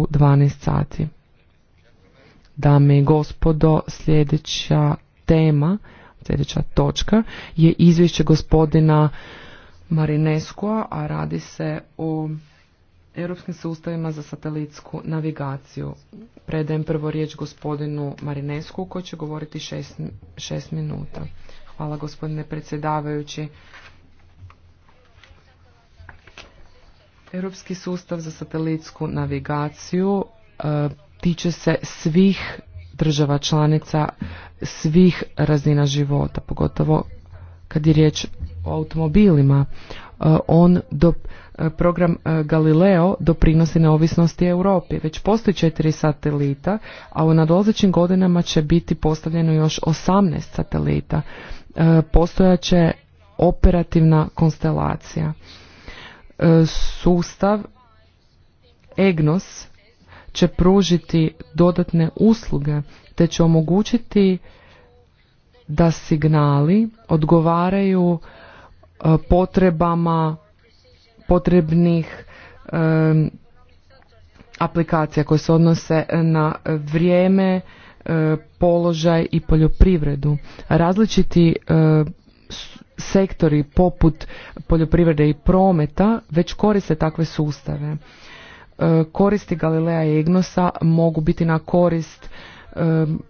u 12 sati. Dame i gospodo, sljedeća tema, sljedeća točka je izvješće gospodina Marineskoa, a radi se o europskim sustavima za satelitsku navigaciju. Predajem prvo riječ gospodinu Marinesku koji će govoriti 6 minuta. Hvala gospodine predsjedavajući. Europski sustav za satelitsku navigaciju e, tiče se svih država članica, svih razina života, pogotovo kad je riječ o automobilima. E, on do, e, program Galileo doprinosi neovisnosti Europi. Već postoji četiri satelita, a u nadolazećim godinama će biti postavljeno još 18 satelita. Postojaće operativna konstelacija sustav EGNOS će pružiti dodatne usluge te će omogućiti da signali odgovaraju e, potrebama potrebnih aplikacija koje se odnose na vrijeme, e, položaj i poljoprivredu. Različiti e, sektori poput poljoprivrede i prometa već koriste takve sustave. E, koristi Galilea i Egnosa mogu biti na korist e,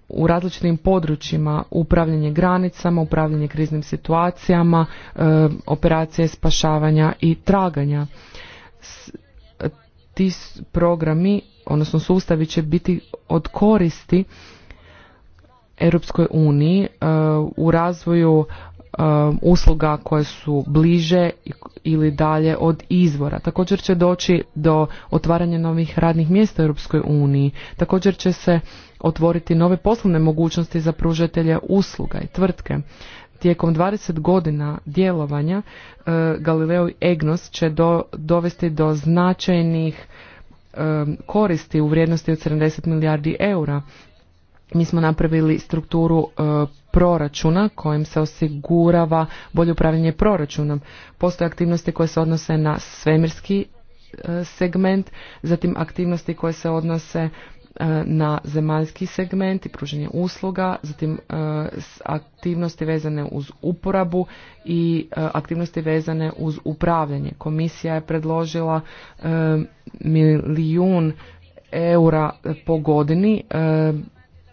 u različitim područjima upravljanje granicama, upravljanje kriznim situacijama, e, operacije spašavanja i traganja. Ti programi, odnosno sustavi će biti od koristi Europskoj uniji u razvoju Um, usluga koje su bliže ili dalje od izvora. Također će doći do otvaranja novih radnih mjesta u Europskoj uniji. Također će se otvoriti nove poslovne mogućnosti za pružatelje usluga i tvrtke. Tijekom 20 godina djelovanja uh, Galileo EGNOS će dovesti do značajnih um, koristi u vrijednosti od 70 milijardi eura mi smo napravili strukturu e, proračuna kojim se osigurava bolje upravljanje proračunom. Postoje aktivnosti koje se odnose na svemirski e, segment, zatim aktivnosti koje se odnose e, na zemaljski segment i pružanje usluga, zatim aktivnosti vezane uz uporabu i aktivnosti vezane uz upravljanje. Komisija je predložila milijun eura po godini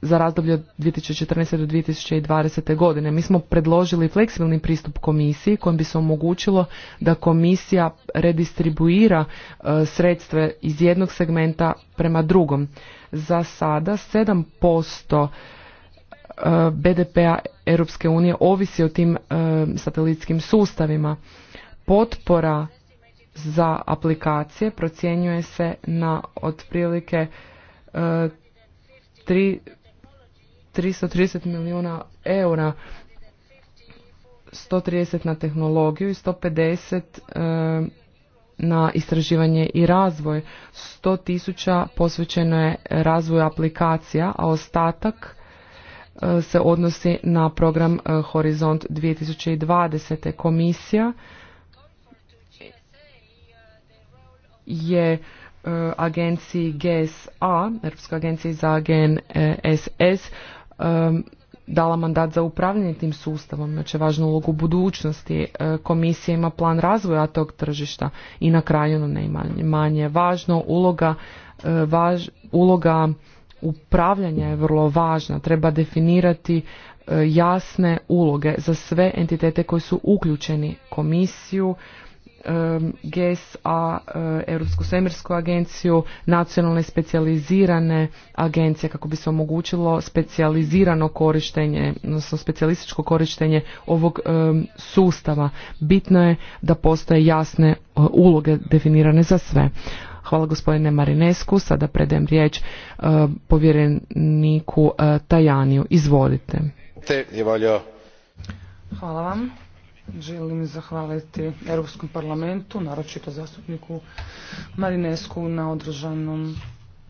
za razdoblje od 2014. do 2020. godine. Mi smo predložili fleksibilni pristup komisiji kojim bi se omogućilo da komisija redistribuira sredstve sredstva iz jednog segmenta prema drugom. Za sada 7% e, BDP-a Europske unije ovisi o tim e, satelitskim sustavima. Potpora za aplikacije procjenjuje se na otprilike e, 330 milijuna eura 130 na tehnologiju i 150 e, na istraživanje i razvoj. 100 tisuća posvećeno je razvoju aplikacija, a ostatak e, se odnosi na program e, Horizont 2020. Komisija je agenciji GSA, Europskoj agenciji za GNSS, dala mandat za upravljanje tim sustavom, znači važnu ulogu budućnosti. E, komisija ima plan razvoja tog tržišta i na kraju, ono važno, uloga, e, važ, uloga upravljanja je vrlo važna. Treba definirati e, jasne uloge za sve entitete koji su uključeni, komisiju, Um, GSA, uh, Europsku svemirsku agenciju, nacionalne specijalizirane agencije kako bi se omogućilo specijalizirano korištenje, odnosno specijalističko korištenje ovog um, sustava. Bitno je da postoje jasne uh, uloge definirane za sve. Hvala gospodine Marinesku, sada predajem riječ uh, povjereniku Tajaniju. Izvolite. Hvala vam. Želim zahvaliti Europskom parlamentu, naročito zastupniku Marinesku na održanom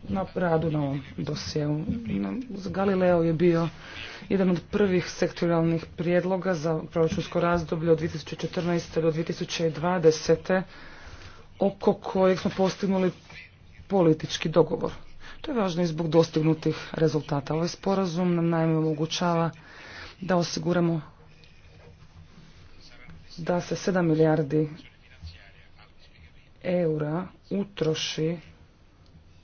na radu na ovom dosjeu. Galileo je bio jedan od prvih sektorijalnih prijedloga za proračunsko razdoblje od 2014. do 2020. oko kojeg smo postignuli politički dogovor. To je važno i zbog dostignutih rezultata. Ovaj sporazum nam naime omogućava da osiguramo da se 7 milijardi eura utroši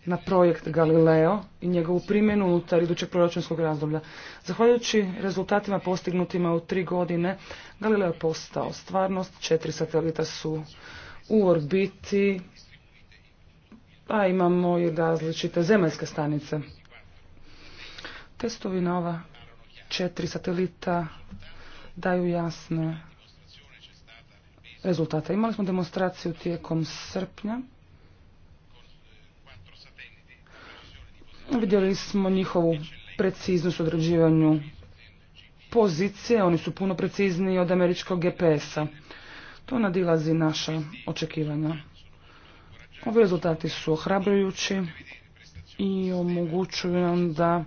na projekt Galileo i njegovu primjenu unutar idućeg proračunskog razdoblja. Zahvaljujući rezultatima postignutima u tri godine, Galileo je postao stvarnost, četiri satelita su u orbiti, a imamo i različite zemaljske stanice. Testovi na ova četiri satelita daju jasne rezultata. Imali smo demonstraciju tijekom srpnja. Vidjeli smo njihovu preciznost u određivanju pozicije, oni su puno precizniji od američkog GPS-a. To nadilazi naša očekivanja. Ovi rezultati su ohrabrujući i omogućuju nam da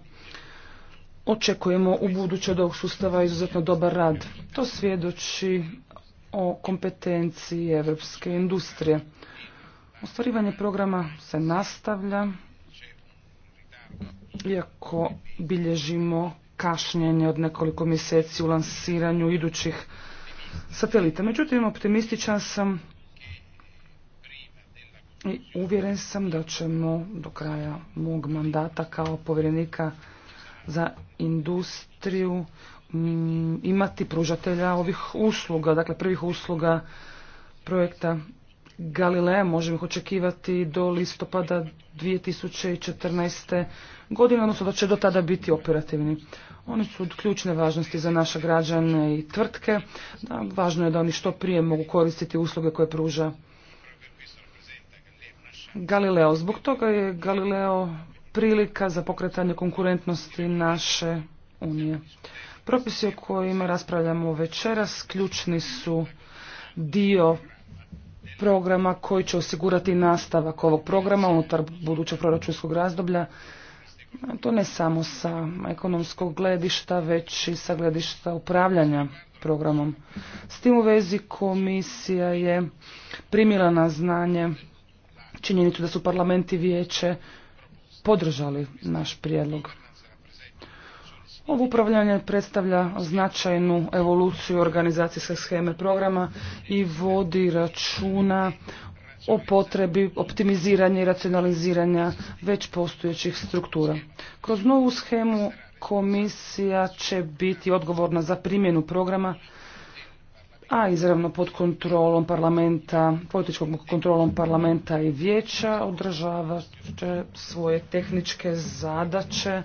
očekujemo u buduće od ovog sustava izuzetno dobar rad. To svjedoči o kompetenciji evropske industrije. Ostvarivanje programa se nastavlja, iako bilježimo kašnjenje od nekoliko mjeseci u lansiranju idućih satelita. Međutim, optimističan sam i uvjeren sam da ćemo do kraja mog mandata kao povjerenika za industriju Mm, imati pružatelja ovih usluga, dakle prvih usluga projekta Galileja, možemo ih očekivati do listopada 2014. godine, odnosno da će do tada biti operativni. Oni su od ključne važnosti za naše građane i tvrtke. Da, važno je da oni što prije mogu koristiti usluge koje pruža Galileo. Zbog toga je Galileo prilika za pokretanje konkurentnosti naše unije. Propisi o kojima raspravljamo večeras ključni su dio programa koji će osigurati nastavak ovog programa unutar budućeg proračunskog razdoblja. To ne samo sa ekonomskog gledišta, već i sa gledišta upravljanja programom. S tim u vezi komisija je primila na znanje činjenicu da su parlament i vijeće podržali naš prijedlog. Ovo upravljanje predstavlja značajnu evoluciju organizacijske scheme programa i vodi računa o potrebi optimiziranja i racionaliziranja već postojećih struktura. Kroz novu schemu komisija će biti odgovorna za primjenu programa, a izravno pod kontrolom parlamenta, političkom kontrolom parlamenta i vijeća održavat će svoje tehničke zadaće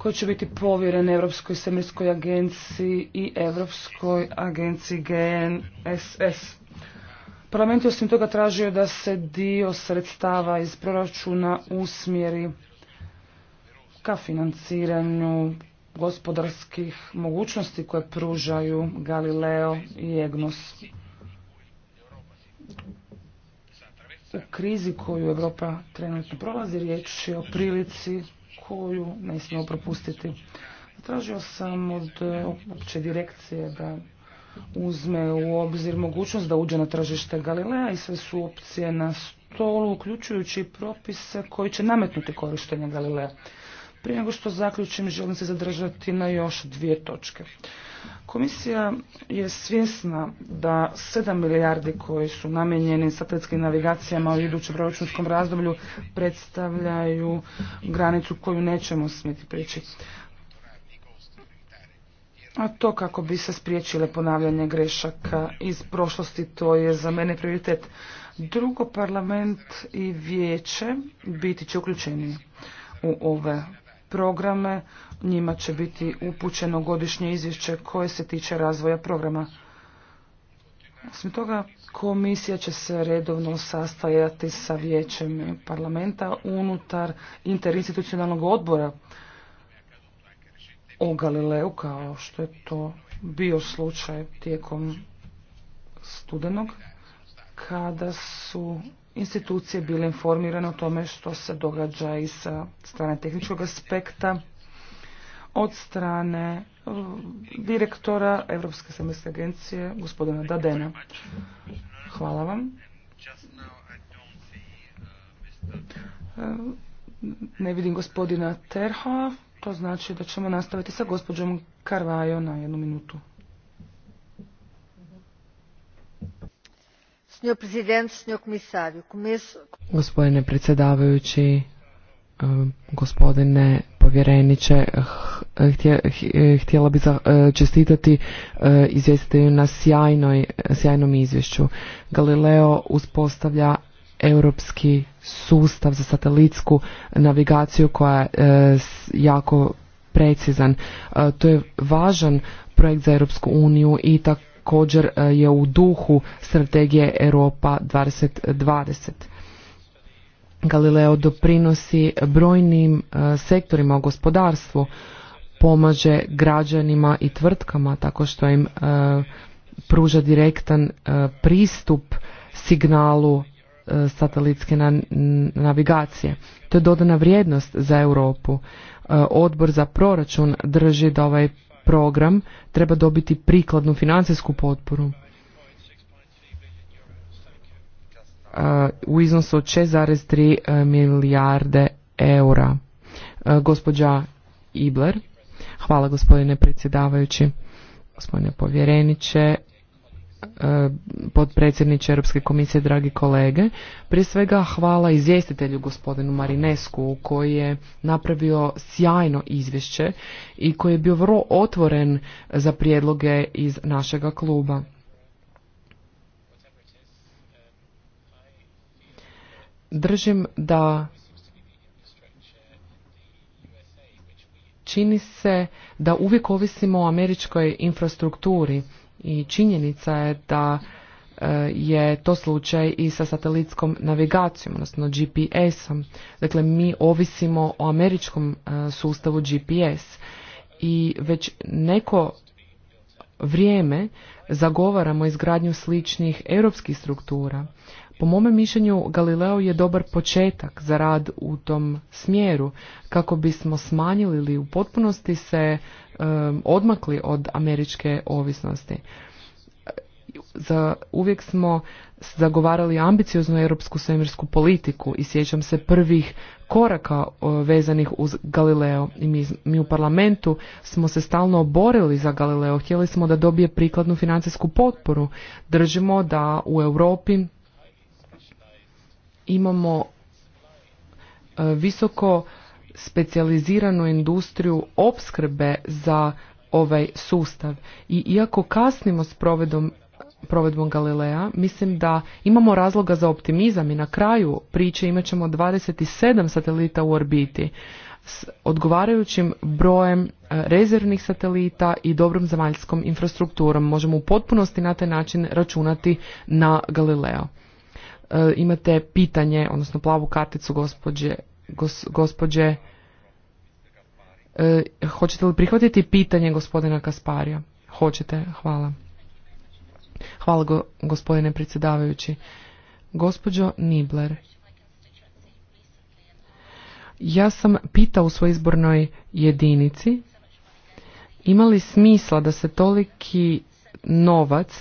koji će biti povjeren Europskoj svemirskoj agenciji i Europskoj agenciji GNSS. Parlament je osim toga tražio da se dio sredstava iz proračuna usmjeri ka financiranju gospodarskih mogućnosti koje pružaju Galileo i EGNOS. U krizi koju Europa trenutno prolazi riječ je o prilici koju ne smijemo propustiti. Tražio sam od opće direkcije da uzme u obzir mogućnost da uđe na tržište Galilea i sve su opcije na stolu, uključujući propise koji će nametnuti korištenje Galilea. Prije nego što zaključim, želim se zadržati na još dvije točke. Komisija je svjesna da 7 milijardi koji su namijenjeni satelitskim navigacijama u idućem proračunskom razdoblju predstavljaju granicu koju nećemo smjeti prijeći. A to kako bi se spriječile ponavljanje grešaka iz prošlosti, to je za mene prioritet. Drugo, parlament i vijeće biti će uključeni u ove programe. Njima će biti upućeno godišnje izvješće koje se tiče razvoja programa. Osim toga, komisija će se redovno sastajati sa vijećem parlamenta unutar interinstitucionalnog odbora o Galileu, kao što je to bio slučaj tijekom studenog, kada su institucije bile informirane o tome što se događa i sa strane tehničkog aspekta, od strane uh, direktora Europske semestre agencije, gospodina Dadena. Hvala vam. Uh, ne vidim gospodina Terha, to znači da ćemo nastaviti sa gospođom Karvajo na jednu minutu. Gospodine predsjedavajući, eh, gospodine povjereniče, eh, eh, htjela bih čestitati izvjestitelju na sjajnoj, sjajnom izvješću. Galileo uspostavlja europski sustav za satelitsku navigaciju koja je jako precizan. To je važan projekt za Europsku uniju i tako također e, je u duhu strategije Europa 2020. Galileo doprinosi brojnim e, sektorima u gospodarstvu, pomaže građanima i tvrtkama tako što im e, pruža direktan pristup signalu satelitske navigacije. To je dodana vrijednost za Europu. Odbor za proračun drži da ovaj program treba dobiti prikladnu financijsku potporu u iznosu od 6,3 e, milijarde eura. E, gospođa Ibler, hvala gospodine predsjedavajući, gospodine povjereniče, potpredsjedniče Europske komisije, dragi kolege. Prije svega hvala izvjestitelju gospodinu Marinesku koji je napravio sjajno izvješće i koji je bio vrlo otvoren za prijedloge iz našega kluba. Držim da čini se da uvijek ovisimo o američkoj infrastrukturi i činjenica je da e, je to slučaj i sa satelitskom navigacijom, odnosno GPS-om. Dakle, mi ovisimo o američkom e, sustavu GPS i već neko vrijeme zagovaramo izgradnju sličnih europskih struktura. Po mome mišljenju Galileo je dobar početak za rad u tom smjeru kako bismo smanjili ili u potpunosti se odmakli od američke ovisnosti. Za, uvijek smo zagovarali ambicioznu europsku svemirsku politiku i sjećam se prvih koraka vezanih uz Galileo i mi, mi u parlamentu smo se stalno oborili za Galileo, htjeli smo da dobije prikladnu financijsku potporu. Držimo da u Europi imamo e, visoko specijaliziranu industriju opskrbe za ovaj sustav i iako kasnimo s provedbom Galilea, mislim da imamo razloga za optimizam i na kraju priče imat ćemo 27 satelita u orbiti s odgovarajućim brojem e, rezervnih satelita i dobrom zemaljskom infrastrukturom. Možemo u potpunosti na taj način računati na Galileo. E, imate pitanje, odnosno plavu karticu gospođe, gos, gospođe e, hoćete li prihvatiti pitanje gospodina Kasparija? Hoćete, hvala. Hvala go, gospodine predsjedavajući. Gospođo Nibler, ja sam pitao u svojoj izbornoj jedinici ima li smisla da se toliki novac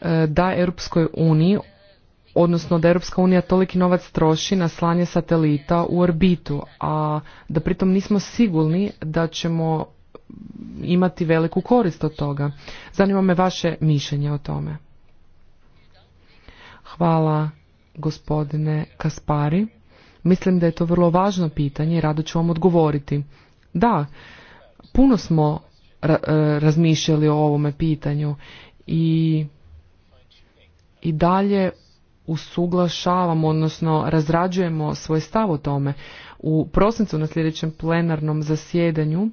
e, da Europskoj uniji odnosno da Europska unija toliki novac troši na slanje satelita u orbitu, a da pritom nismo sigurni da ćemo imati veliku korist od toga. Zanima me vaše mišljenje o tome. Hvala gospodine Kaspari. Mislim da je to vrlo važno pitanje i rado ću vam odgovoriti. Da, puno smo e, razmišljali o ovome pitanju i i dalje usuglašavamo, odnosno razrađujemo svoj stav o tome. U prosincu na sljedećem plenarnom zasjedanju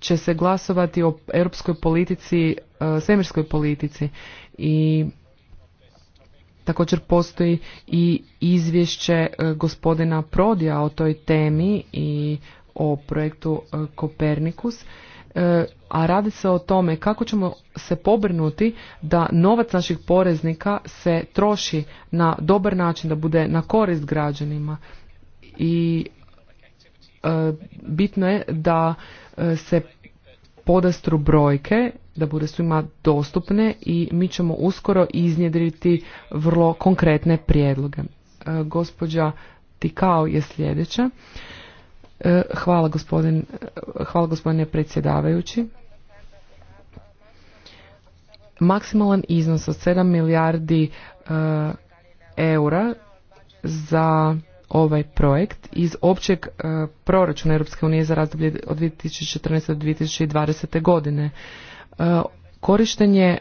će se glasovati o europskoj politici, e, svemirskoj politici i također postoji i izvješće e, gospodina Prodija o toj temi i o projektu e, Kopernikus E, a radi se o tome kako ćemo se pobrinuti da novac naših poreznika se troši na dobar način, da bude na korist građanima i e, bitno je da e, se podastru brojke, da bude svima dostupne i mi ćemo uskoro iznjedriti vrlo konkretne prijedloge. Gospođa Tikao je sljedeća. E, hvala, gospodin, e, hvala gospodine predsjedavajući. Maksimalan iznos od 7 milijardi e, eura za ovaj projekt iz općeg proračuna Europske unije za razdoblje od 2014. do 2020. godine. korištenje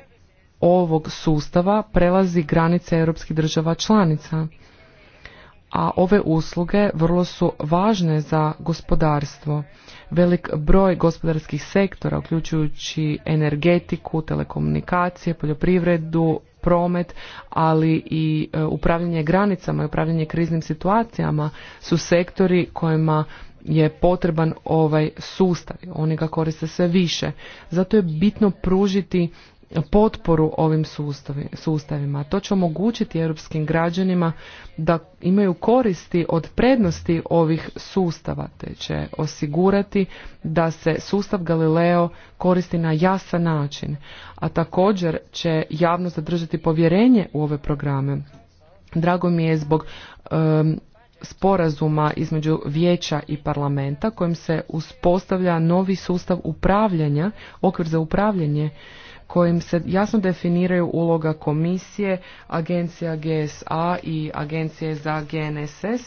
ovog sustava prelazi granice europskih država članica a ove usluge vrlo su važne za gospodarstvo. Velik broj gospodarskih sektora, uključujući energetiku, telekomunikacije, poljoprivredu, promet, ali i e, upravljanje granicama i upravljanje kriznim situacijama su sektori kojima je potreban ovaj sustav. Oni ga koriste sve više. Zato je bitno pružiti potporu ovim sustavima. To će omogućiti europskim građanima da imaju koristi od prednosti ovih sustava, te će osigurati da se sustav Galileo koristi na jasan način, a također će javnost zadržati povjerenje u ove programe. Drago mi je zbog sporazuma između vijeća i parlamenta kojim se uspostavlja novi sustav upravljanja, okvir za upravljanje kojim se jasno definiraju uloga komisije, agencija GSA i agencije za GNSS.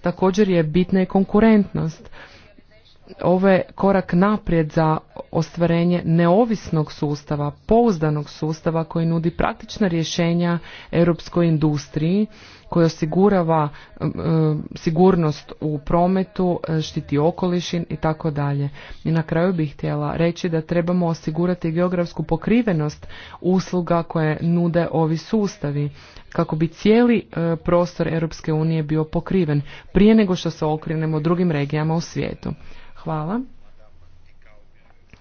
Također je bitna i konkurentnost ovo je korak naprijed za ostvarenje neovisnog sustava, pouzdanog sustava koji nudi praktična rješenja europskoj industriji koji osigurava sigurnost u prometu, štiti okolišin i tako dalje. I na kraju bih htjela reći da trebamo osigurati geografsku pokrivenost usluga koje nude ovi sustavi kako bi cijeli e, prostor Europske unije bio pokriven prije nego što se okrenemo drugim regijama u svijetu. Hvala.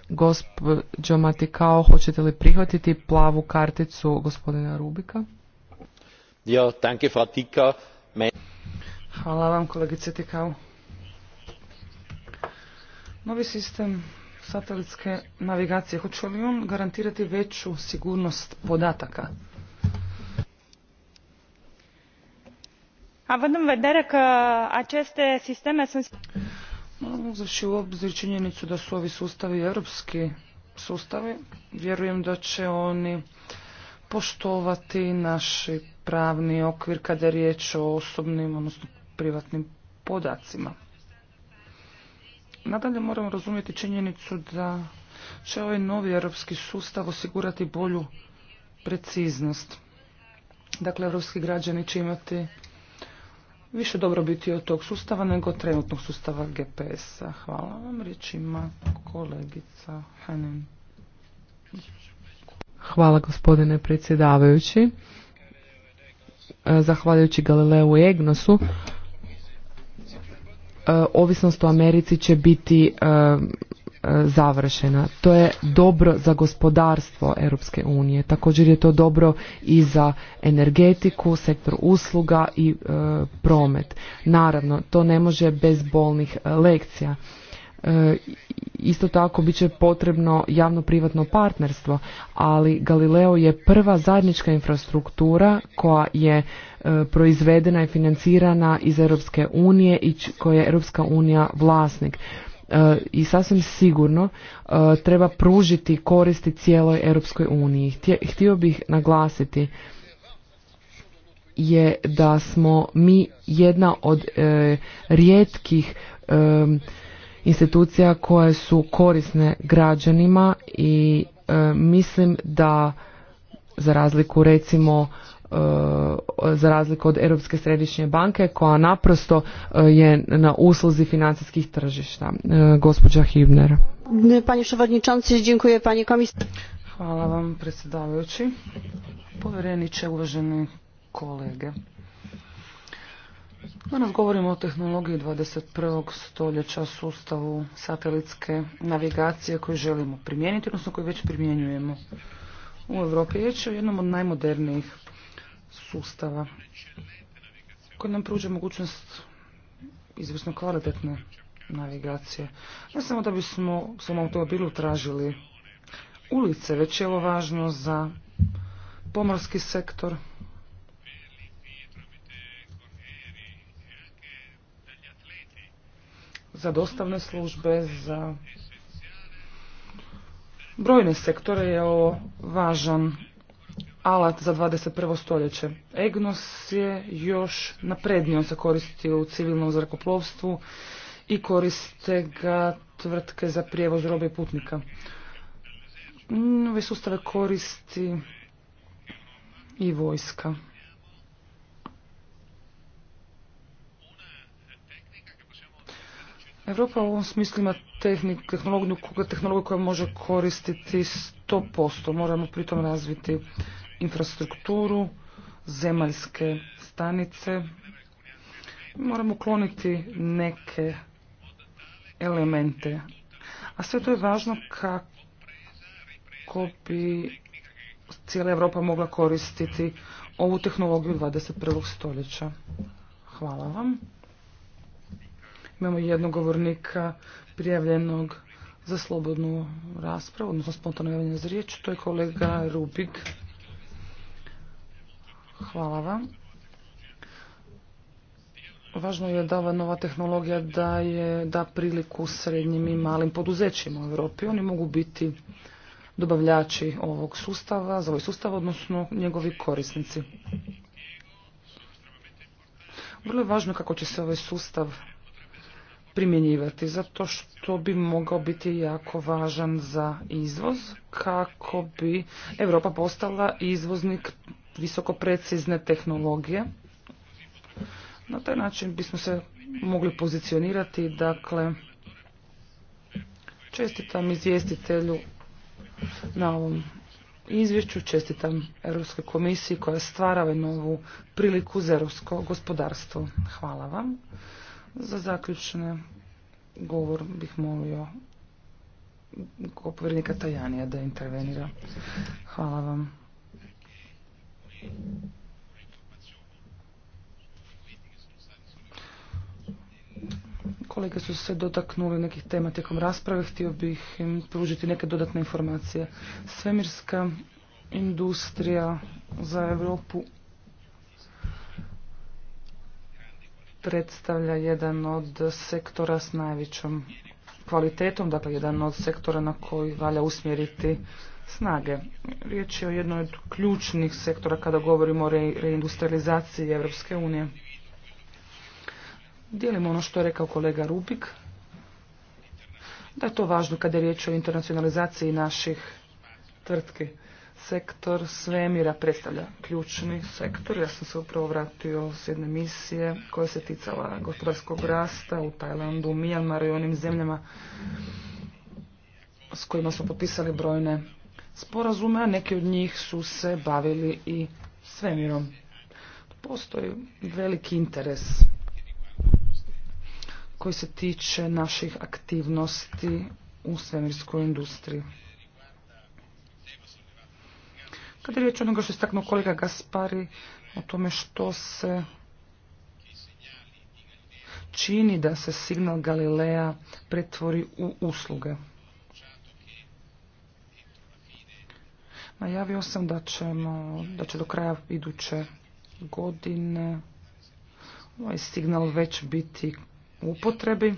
Gospođo Matikao, hoćete li prihvatiti plavu karticu gospodina Rubika? Ja, danke, Frau Tika. Hvala vam, kolegice Tikao. Novi sistem satelitske navigacije, hoće li on garantirati veću sigurnost podataka? Având în vedere că aceste sisteme sunt... Uzavši u obzir činjenicu da su ovi sustavi europski sustavi, vjerujem da će oni poštovati naši pravni okvir kada je riječ o osobnim, odnosno privatnim podacima. Nadalje moramo razumjeti činjenicu da će ovaj novi europski sustav osigurati bolju preciznost. Dakle, europski građani će imati više dobro biti od tog sustava nego trenutnog sustava GPS-a. Hvala vam. Riječ kolegica Hanen. Hvala gospodine predsjedavajući. E, zahvaljujući Galileu i Egnosu, e, ovisnost u Americi će biti e, završena. To je dobro za gospodarstvo Europske unije. Također je to dobro i za energetiku, sektor usluga i e, promet. Naravno, to ne može bez bolnih e, lekcija. E, isto tako bit će potrebno javno-privatno partnerstvo, ali Galileo je prva zajednička infrastruktura koja je proizvedena i financirana iz Europske unije i koja je Europska unija vlasnik. E, i sasvim sigurno e, treba pružiti koristi cijeloj Europskoj uniji. Htio bih naglasiti je da smo mi jedna od e, rijetkih institucija koje su korisne građanima i mislim da za razliku recimo za razliku od Europske središnje banke koja naprosto e, je na usluzi financijskih tržišta. E, gospođa Hibner. Panie przewodniczący, dziękuję pani komisarzu. Hvala vam predsjedavajući. Povjereniče, uvaženi kolege. Danas govorimo o tehnologiji 21. stoljeća, sustavu satelitske navigacije koju želimo primijeniti, odnosno koju već primjenjujemo u Europi. Riječ je o jednom od najmodernijih sustava koji nam pruža mogućnost izvrsno kvalitetne navigacije. Ne samo da bismo u svom automobilu tražili ulice, već je ovo važno za pomorski sektor. za dostavne službe, za brojne sektore je ovo važan alat za 21. stoljeće. EGNOS je još naprednije, on se koristi u civilnom zrakoplovstvu i koriste ga tvrtke za prijevoz robe i putnika. Ove sustave koristi i vojska. Europa u ovom smislu ima tehnologiju, tehnologiju koja može koristiti 100%. Moramo pritom razviti infrastrukturu, zemaljske stanice. Moramo kloniti neke elemente. A sve to je važno kako bi cijela Europa mogla koristiti ovu tehnologiju 21. stoljeća. Hvala vam. Imamo jednog govornika prijavljenog za slobodnu raspravu, odnosno spontano javljanje za riječ. To je kolega Rubik. Hvala vam. Važno je da ova nova tehnologija daje da priliku srednjim i malim poduzećima u Europi. Oni mogu biti dobavljači ovog sustava, za ovaj sustav, odnosno njegovi korisnici. Vrlo je važno kako će se ovaj sustav primjenjivati, zato što bi mogao biti jako važan za izvoz, kako bi Europa postala izvoznik visoko precizne tehnologije. Na taj način bismo se mogli pozicionirati, dakle, čestitam izvjestitelju na ovom izvješću, čestitam Europskoj komisiji koja stvara novu priliku za europsko gospodarstvo. Hvala vam. Za zaključne govor bih molio povjerenika Tajanija da intervenira. Hvala vam. Kolege su se dotaknuli nekih tema tijekom rasprave, htio bih im pružiti neke dodatne informacije. Svemirska industrija za Europu predstavlja jedan od sektora s najvećom kvalitetom, dakle jedan od sektora na koji valja usmjeriti snage. Riječ je o jednoj od ključnih sektora kada govorimo o reindustrializaciji Europske unije. Dijelimo ono što je rekao kolega Rubik, da je to važno kada je riječ o internacionalizaciji naših tvrtki. Sektor svemira predstavlja ključni sektor. Ja sam se upravo vratio s jedne misije koja se ticala gospodarskog rasta u Tajlandu, Mijanmaru i onim zemljama s kojima smo potpisali brojne sporazume, a neki od njih su se bavili i svemirom. Postoji veliki interes koji se tiče naših aktivnosti u svemirskoj industriji. Kada je riječ onoga što je staknuo kolega Gaspari o tome što se čini da se signal Galilea pretvori u usluge. Najavio sam da ćemo, da će do kraja iduće godine ovaj signal već biti u upotrebi.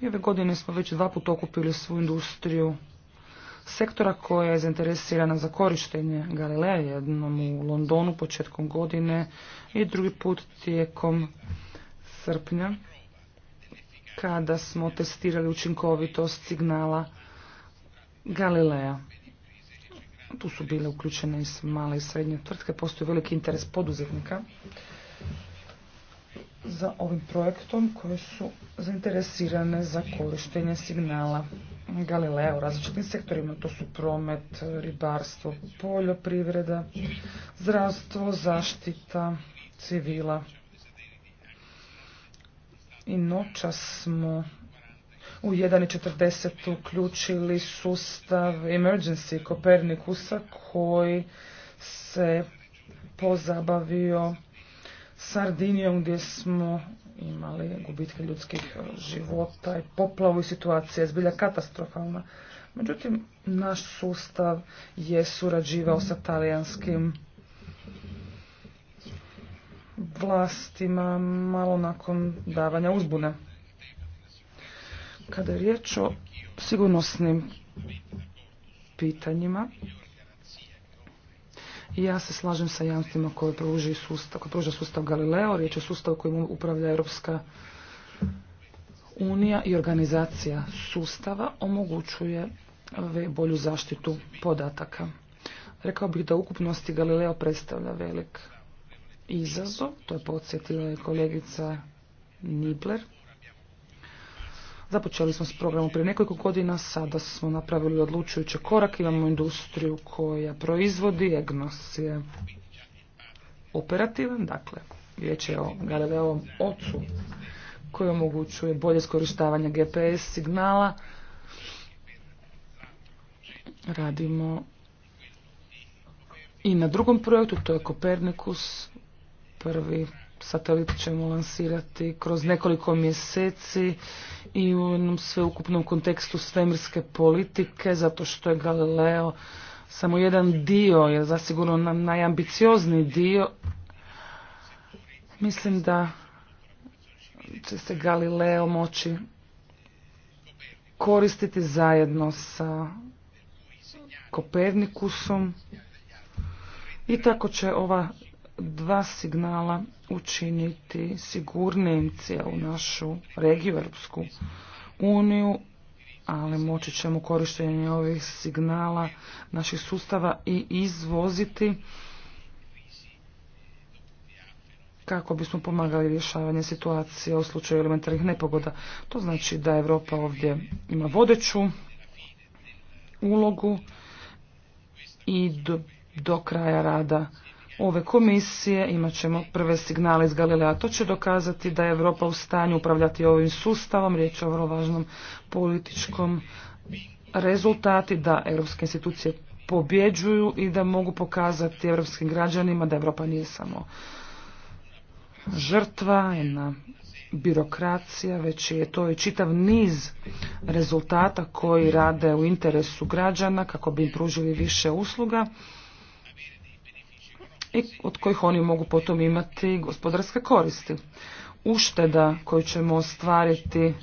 I ove godine smo već dva puta okupili svu industriju sektora koja je zainteresirana za korištenje Galileja, jednom u Londonu početkom godine i drugi put tijekom srpnja kada smo testirali učinkovitost signala Galilea. Tu su bile uključene i male i srednje tvrtke, postoji veliki interes poduzetnika za ovim projektom koje su zainteresirane za korištenje signala Galilea u različitim sektorima. To su promet, ribarstvo, poljoprivreda, zdravstvo, zaštita civila i noća smo u 1.40 uključili sustav Emergency Kopernikusa koji se pozabavio Sardinijom gdje smo imali gubitke ljudskih života i poplavu i situacija je zbilja katastrofalna. Međutim, naš sustav je surađivao sa talijanskim vlastima malo nakon davanja uzbuna. Kada je riječ o sigurnosnim pitanjima, ja se slažem sa jamstvima koje pruži sustav, koje pruža sustav Galileo, riječ je o sustavu kojim upravlja Europska unija i organizacija sustava omogućuje bolju zaštitu podataka. Rekao bih da ukupnosti Galileo predstavlja velik izazov, to je podsjetila i kolegica Nibler. Započeli smo s programom prije nekoliko godina, sada smo napravili odlučujući korak, imamo industriju koja proizvodi, EGNOS je operativan, dakle, riječ je o Galileovom ocu koji omogućuje bolje skorištavanje GPS signala. Radimo i na drugom projektu, to je Kopernikus, Prvi satelit ćemo lansirati kroz nekoliko mjeseci i u jednom sveukupnom kontekstu svemirske politike, zato što je Galileo samo jedan dio, je zasigurno najambiciozni dio. Mislim da će se Galileo moći koristiti zajedno sa Kopernikusom i tako će ova dva signala učiniti sigurnijim cijelu našu regiju, Europsku uniju, ali moći ćemo korištenje ovih signala naših sustava i izvoziti kako bismo pomagali rješavanje situacije u slučaju elementarnih nepogoda. To znači da Europa ovdje ima vodeću ulogu i do kraja rada ove komisije imat ćemo prve signale iz Galilea. To će dokazati da je Europa u stanju upravljati ovim sustavom, riječ je o vrlo važnom političkom rezultati, da europske institucije pobjeđuju i da mogu pokazati europskim građanima da Europa nije samo žrtva, jedna birokracija, već je to i čitav niz rezultata koji rade u interesu građana kako bi im pružili više usluga i od kojih oni mogu potom imati gospodarske koristi. Ušteda koju ćemo ostvariti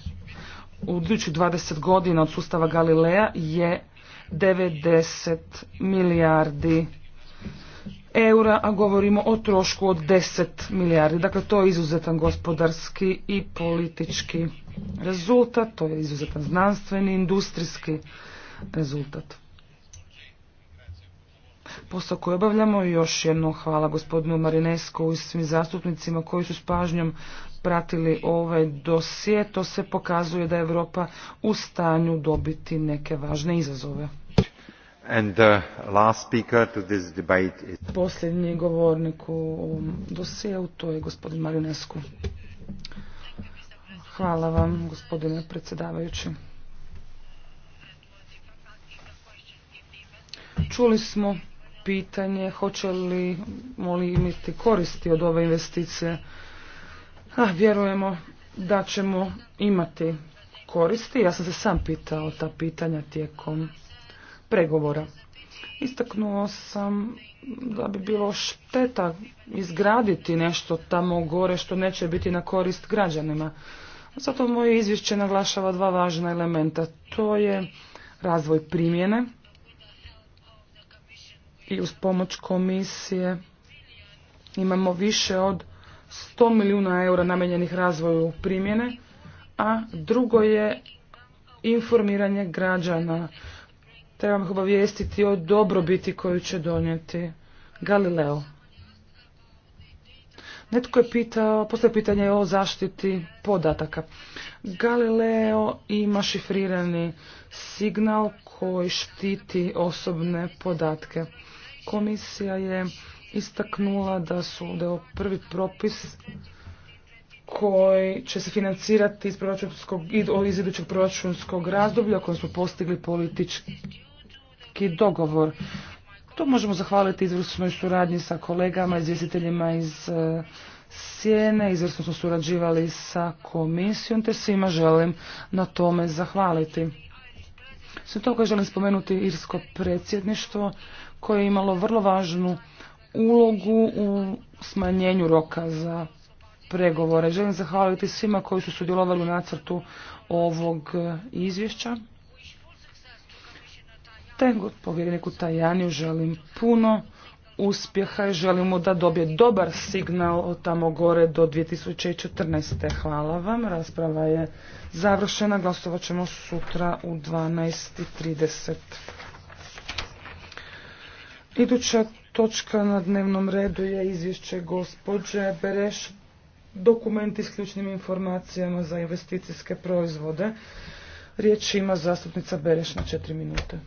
u idućih 20 godina od sustava Galilea je 90 milijardi eura, a govorimo o trošku od 10 milijardi. Dakle, to je izuzetan gospodarski i politički rezultat, to je izuzetan znanstveni, industrijski rezultat posao koji obavljamo. Još jednom hvala gospodinu Marinesku i svim zastupnicima koji su s pažnjom pratili ovaj dosije. To se pokazuje da je Europa u stanju dobiti neke važne izazove. And last Posljednji govornik u to je gospodin Marinesku. Hvala vam gospodine predsjedavajući. Čuli smo pitanje hoće li moli imati koristi od ove investicije. Ah, vjerujemo da ćemo imati koristi. Ja sam se sam pitao ta pitanja tijekom pregovora. Istaknuo sam da bi bilo šteta izgraditi nešto tamo gore što neće biti na korist građanima. Zato moje izvješće naglašava dva važna elementa. To je razvoj primjene i uz pomoć komisije imamo više od 100 milijuna eura namenjenih razvoju primjene, a drugo je informiranje građana. Trebam ih obavijestiti o dobrobiti koju će donijeti Galileo. Netko je pitao, postoje pitanje o zaštiti podataka. Galileo ima šifrirani signal koji štiti osobne podatke. Komisija je istaknula da su da je prvi propis koji će se financirati iz, proračunskog, iz idućeg proračunskog razdoblja kojim kojem smo postigli politički dogovor. To možemo zahvaliti izvrsnoj suradnji sa kolegama, izvjestiteljima iz e, Sjene, izvrsno smo surađivali sa komisijom, te svima želim na tome zahvaliti. Sve toga želim spomenuti Irsko predsjedništvo koje je imalo vrlo važnu ulogu u smanjenju roka za pregovore. Želim zahvaliti svima koji su sudjelovali u nacrtu ovog e, izvješća. Te povjereniku Tajaniju želim puno uspjeha i želimo da dobije dobar signal od tamo gore do 2014. Hvala vam. Rasprava je završena. Glasovat ćemo sutra u 12.30. Iduća točka na dnevnom redu je izvješće gospođe Bereš, dokumenti s ključnim informacijama za investicijske proizvode. Riječ ima zastupnica Bereš na četiri minute.